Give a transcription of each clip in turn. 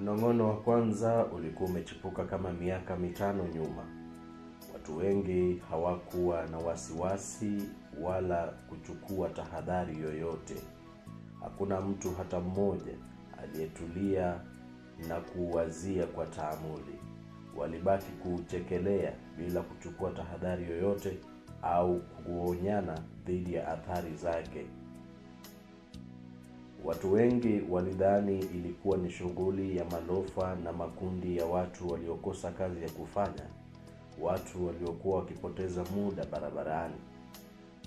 Mnong'ono wa kwanza ulikuwa umechipuka kama miaka mitano nyuma. Watu wengi hawakuwa na wasiwasi wala kuchukua tahadhari yoyote. Hakuna mtu hata mmoja aliyetulia na kuuwazia kwa taamuli. Walibaki kuuchekelea bila kuchukua tahadhari yoyote au kuonyana dhidi ya athari zake. Watu wengi walidhani ilikuwa ni shughuli ya malofa na makundi ya watu waliokosa kazi ya kufanya, watu waliokuwa wakipoteza muda barabarani,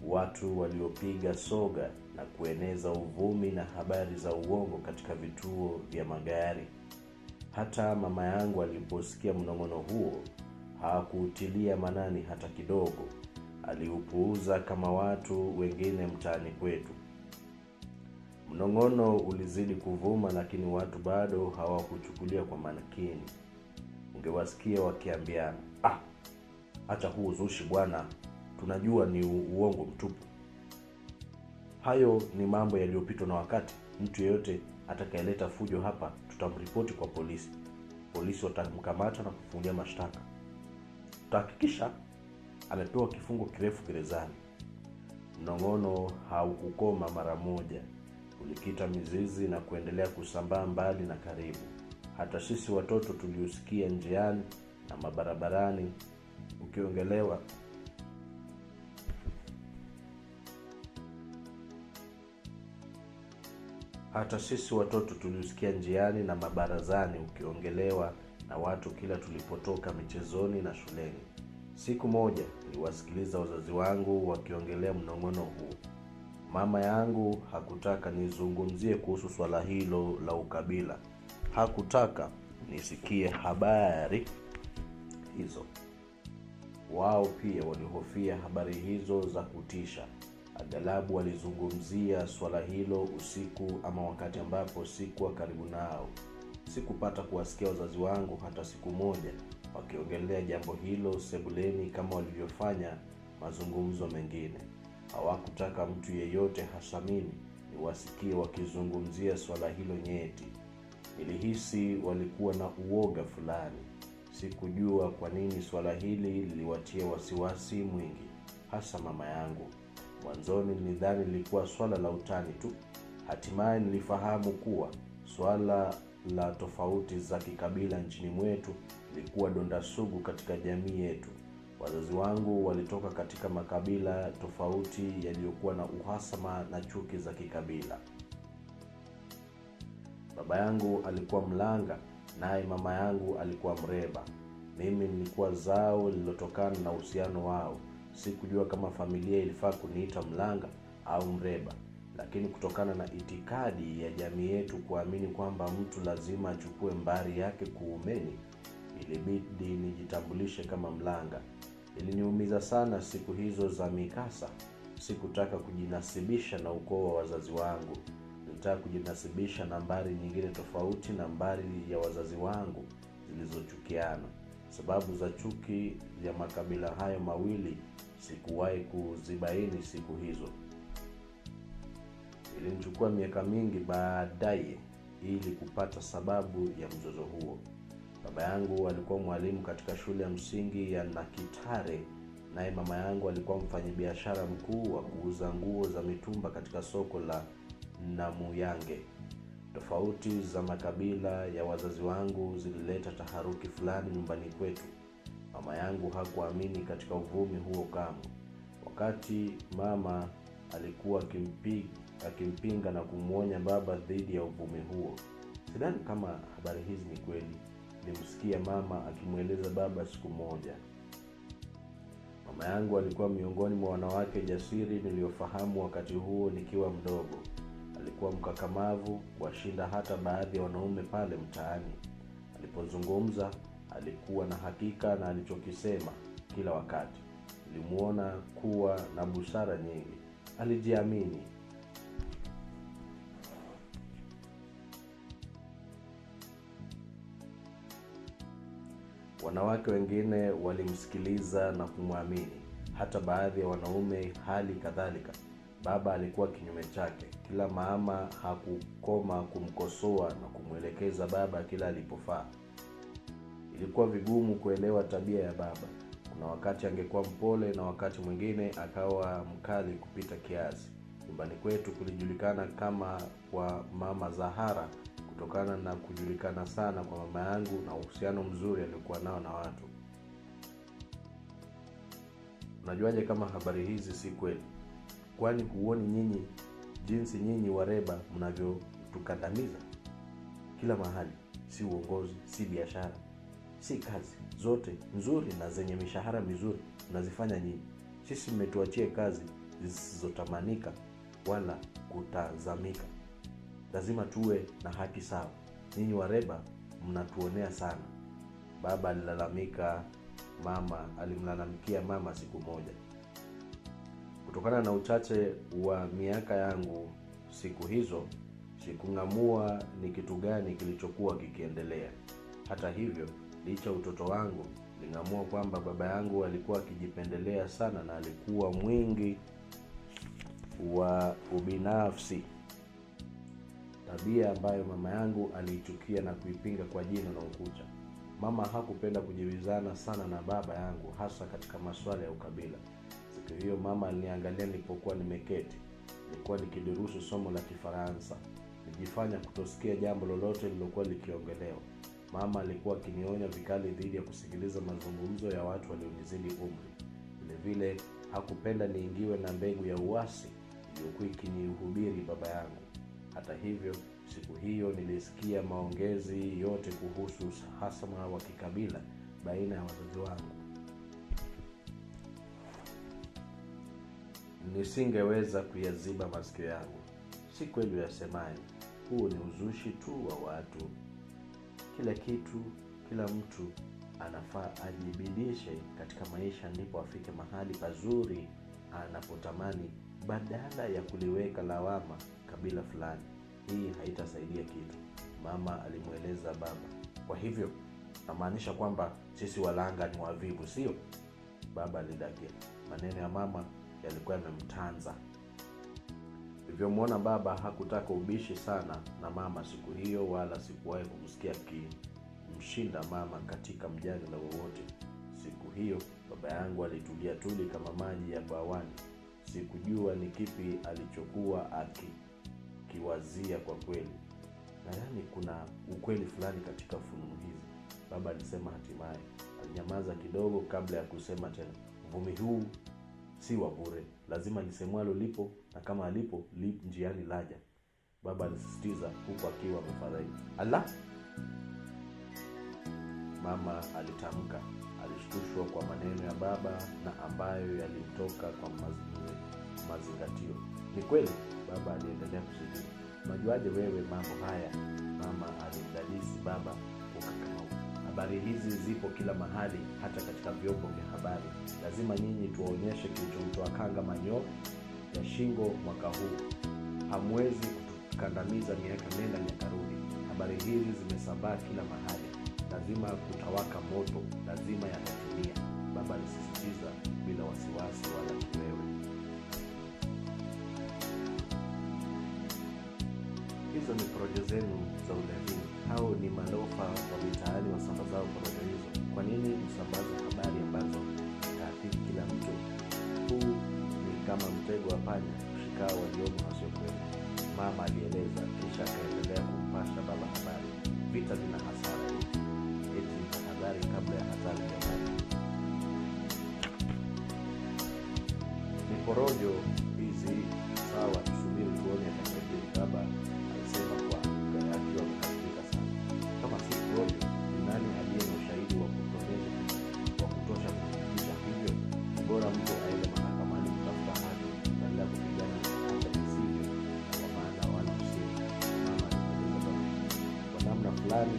watu waliopiga soga na kueneza uvumi na habari za uongo katika vituo vya magari. Hata mama yangu aliposikia mnong'ono huo hakuutilia manani hata kidogo, aliupuuza kama watu wengine mtaani kwetu. Mnong'ono ulizidi kuvuma, lakini watu bado hawakuchukulia kwa makini. Ungewasikia wakiambiana, ah, acha huu uzushi bwana, tunajua ni uongo mtupu. Hayo ni mambo yaliyopitwa na wakati. Mtu yeyote atakayeleta fujo hapa, tutamripoti kwa polisi. Polisi watamkamata na kufungulia mashtaka. Tutahakikisha amepewa kifungo kirefu gerezani. Mnong'ono haukukoma mara moja ulikita mizizi na kuendelea kusambaa mbali na karibu. Hata sisi watoto tuliusikia njiani na mabarabarani ukiongelewa hata sisi watoto tuliusikia njiani na mabarazani ukiongelewa na watu kila tulipotoka michezoni na shuleni. Siku moja niliwasikiliza wazazi wangu wakiongelea mnong'ono huu. Mama yangu hakutaka nizungumzie kuhusu swala hilo la ukabila, hakutaka nisikie habari hizo. Wao pia walihofia habari hizo za kutisha. Aghalabu walizungumzia swala hilo usiku ama wakati ambapo sikuwa karibu nao. Sikupata kuwasikia wazazi wangu hata siku moja wakiongelea jambo hilo sebuleni kama walivyofanya mazungumzo mengine hawakutaka mtu yeyote hasa mimi niwasikie wakizungumzia swala hilo nyeti. Nilihisi walikuwa na uoga fulani. Sikujua kwa nini swala hili liliwatia wasiwasi mwingi, hasa mama yangu. Mwanzoni nilidhani lilikuwa swala la utani tu. Hatimaye nilifahamu kuwa swala la tofauti za kikabila nchini mwetu lilikuwa donda sugu katika jamii yetu. Wazazi wangu walitoka katika makabila tofauti yaliyokuwa na uhasama na chuki za kikabila. Baba yangu alikuwa Mlanga, naye mama yangu alikuwa Mreba. Mimi nilikuwa zao lililotokana na uhusiano wao. Sikujua kama familia ilifaa kuniita Mlanga au Mreba, lakini kutokana na itikadi ya jamii yetu kuamini kwamba mtu lazima achukue mbari yake kuumeni, ilibidi nijitambulishe kama Mlanga. Iliniumiza sana siku hizo za mikasa. Sikutaka kujinasibisha na ukoo wa wazazi wangu, nilitaka kujinasibisha nambari nyingine tofauti, nambari ya wazazi wangu zilizochukiana. Sababu za chuki ya makabila hayo mawili sikuwahi kuzibaini siku hizo. Ilinichukua miaka mingi baadaye ili kupata sababu ya mzozo huo. Baba yangu alikuwa mwalimu katika shule ya msingi ya Nakitare, naye mama yangu alikuwa mfanyabiashara mkuu wa kuuza nguo za mitumba katika soko la Namuyange. Tofauti za makabila ya wazazi wangu zilileta taharuki fulani nyumbani kwetu. Mama yangu hakuamini katika uvumi huo kamwe. Wakati mama alikuwa akimpinga na kumwonya baba dhidi ya uvumi huo. Sidhani kama habari hizi ni kweli nilimsikia mama akimweleza baba siku moja. Mama yangu alikuwa miongoni mwa wanawake jasiri niliyofahamu wakati huo nikiwa mdogo. Alikuwa mkakamavu, washinda hata baadhi ya wanaume pale mtaani. Alipozungumza alikuwa na hakika na alichokisema kila wakati. Nilimuona kuwa na busara nyingi, alijiamini Wanawake wengine walimsikiliza na kumwamini, hata baadhi ya wanaume hali kadhalika. Baba alikuwa kinyume chake. Kila mama hakukoma kumkosoa na kumwelekeza baba kila alipofaa. Ilikuwa vigumu kuelewa tabia ya baba. Kuna wakati angekuwa mpole na wakati mwingine akawa mkali kupita kiasi. Nyumbani kwetu kulijulikana kama kwa Mama Zahara, kutokana na kujulikana sana kwa mama yangu na uhusiano mzuri aliokuwa nao na watu. Unajuaje kama habari hizi si kweli? Kwani huoni nyinyi jinsi nyinyi Wareba mnavyotukandamiza kila mahali? Si uongozi, si biashara, si kazi zote nzuri na zenye mishahara mizuri mnazifanya nyinyi. Sisi mmetuachia kazi zisizotamanika wala kutazamika lazima tuwe na haki sawa. ninyi Wareba mnatuonea sana. Baba alilalamika, mama alimlalamikia mama siku moja. Kutokana na uchache wa miaka yangu siku hizo sikung'amua ni kitu gani kilichokuwa kikiendelea. Hata hivyo, licha utoto wangu, lingamua kwamba baba yangu alikuwa akijipendelea sana na alikuwa mwingi wa ubinafsi tabia ambayo mama yangu aliichukia na kuipinga kwa jina na ukucha. Mama hakupenda kujibizana sana na baba yangu, hasa katika masuala ya ukabila. Siku hiyo mama aliniangalia nilipokuwa nimeketi. Nilikuwa nikidurusu somo la Kifaransa, nijifanya kutosikia jambo lolote lilokuwa likiongelewa. Mama alikuwa akinionya vikali dhidi ya kusikiliza mazungumzo ya watu walionizidi umri. Vilevile hakupenda niingiwe na mbegu ya uasi iliyokuwa ikinihubiri baba yangu. Hata hivyo, siku hiyo nilisikia maongezi yote kuhusu hasama wa kikabila baina ya wazazi wangu. Nisingeweza kuyaziba masikio yangu. Si kweli uyasemayo, huu ni uzushi tu wa watu. Kila kitu, kila mtu anafaa ajibidishe katika maisha, ndipo afike mahali pazuri anapotamani badala ya kuliweka lawama kabila fulani. Hii haitasaidia kitu, mama alimweleza baba. Kwa hivyo namaanisha kwamba sisi Walanga ni wavivu, sio? Baba alidakia. Maneno ya mama yalikuwa yamemtanza. Ulivyomwona baba hakutaka ubishi sana na mama siku hiyo, wala sikuwahi kumsikia akimshinda mama katika mjadala wowote. Siku hiyo baba yangu alitulia tuli kama maji ya bawani. Sikujua ni kipi alichokuwa akikiwazia kwa kweli. na yani kuna ukweli fulani katika funumu hizi, baba alisema hatimaye. Alinyamaza kidogo kabla ya kusema tena, uvumi huu si wa bure, lazima lisemwalo lipo, na kama alipo li njiani laja, baba alisisitiza, huku akiwa amefadhaika. Ala! mama alitamka. Alishtushwa kwa maneno ya baba na ambayo yalitoka kwa mazingatio. Ni kweli, baba aliendelea kusujudu. Unajuaje wewe mambo haya? Mama alimdadisi baba kwa Habari hizi zipo kila mahali, hata katika vyombo vya habari. Lazima nyinyi tuwaonyeshe kilichomtoa kanga manyo ya shingo mwaka huu. Hamwezi kukandamiza miaka nenda miaka rudi. Habari hizi zimesambaa kila mahali lazima kutawaka moto, lazima yatatumia. Baba alisisitiza bila wasiwasi wala kiwewe. Hizo ni porojo zenu za ulevini au ni malofa wa mitaani wasambazao porojo hizo. Kwa nini msambaze habari ambazo taathiri kila mtu? Huu ni kama mtego wa panya kushikaa waliomo wasiokwenu mama alieleza, kisha akaendelea kumpasha baba habari. Vita vina hasara porojo hizi sawa, tusubiri tuone atakaje. Baba alisema kwa akiwa amekasirika sana, kama si porojo, ni nani aliye na ushahidi wa kutosha wa kutosha kuhakikisha hivyo? Bora mtu aende mahakamani kutafuta haki badala ya kupigana hata isivyo, kwa maana wala usio mama kwa namna fulani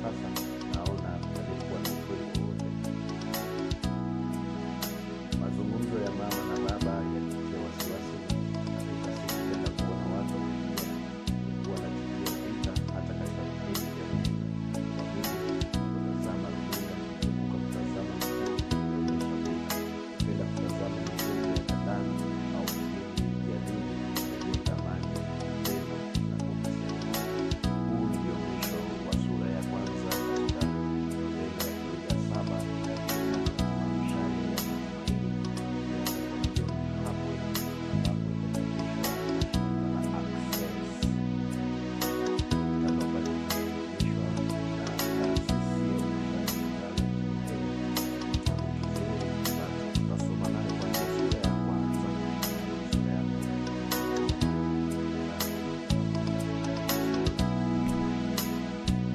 Gracias.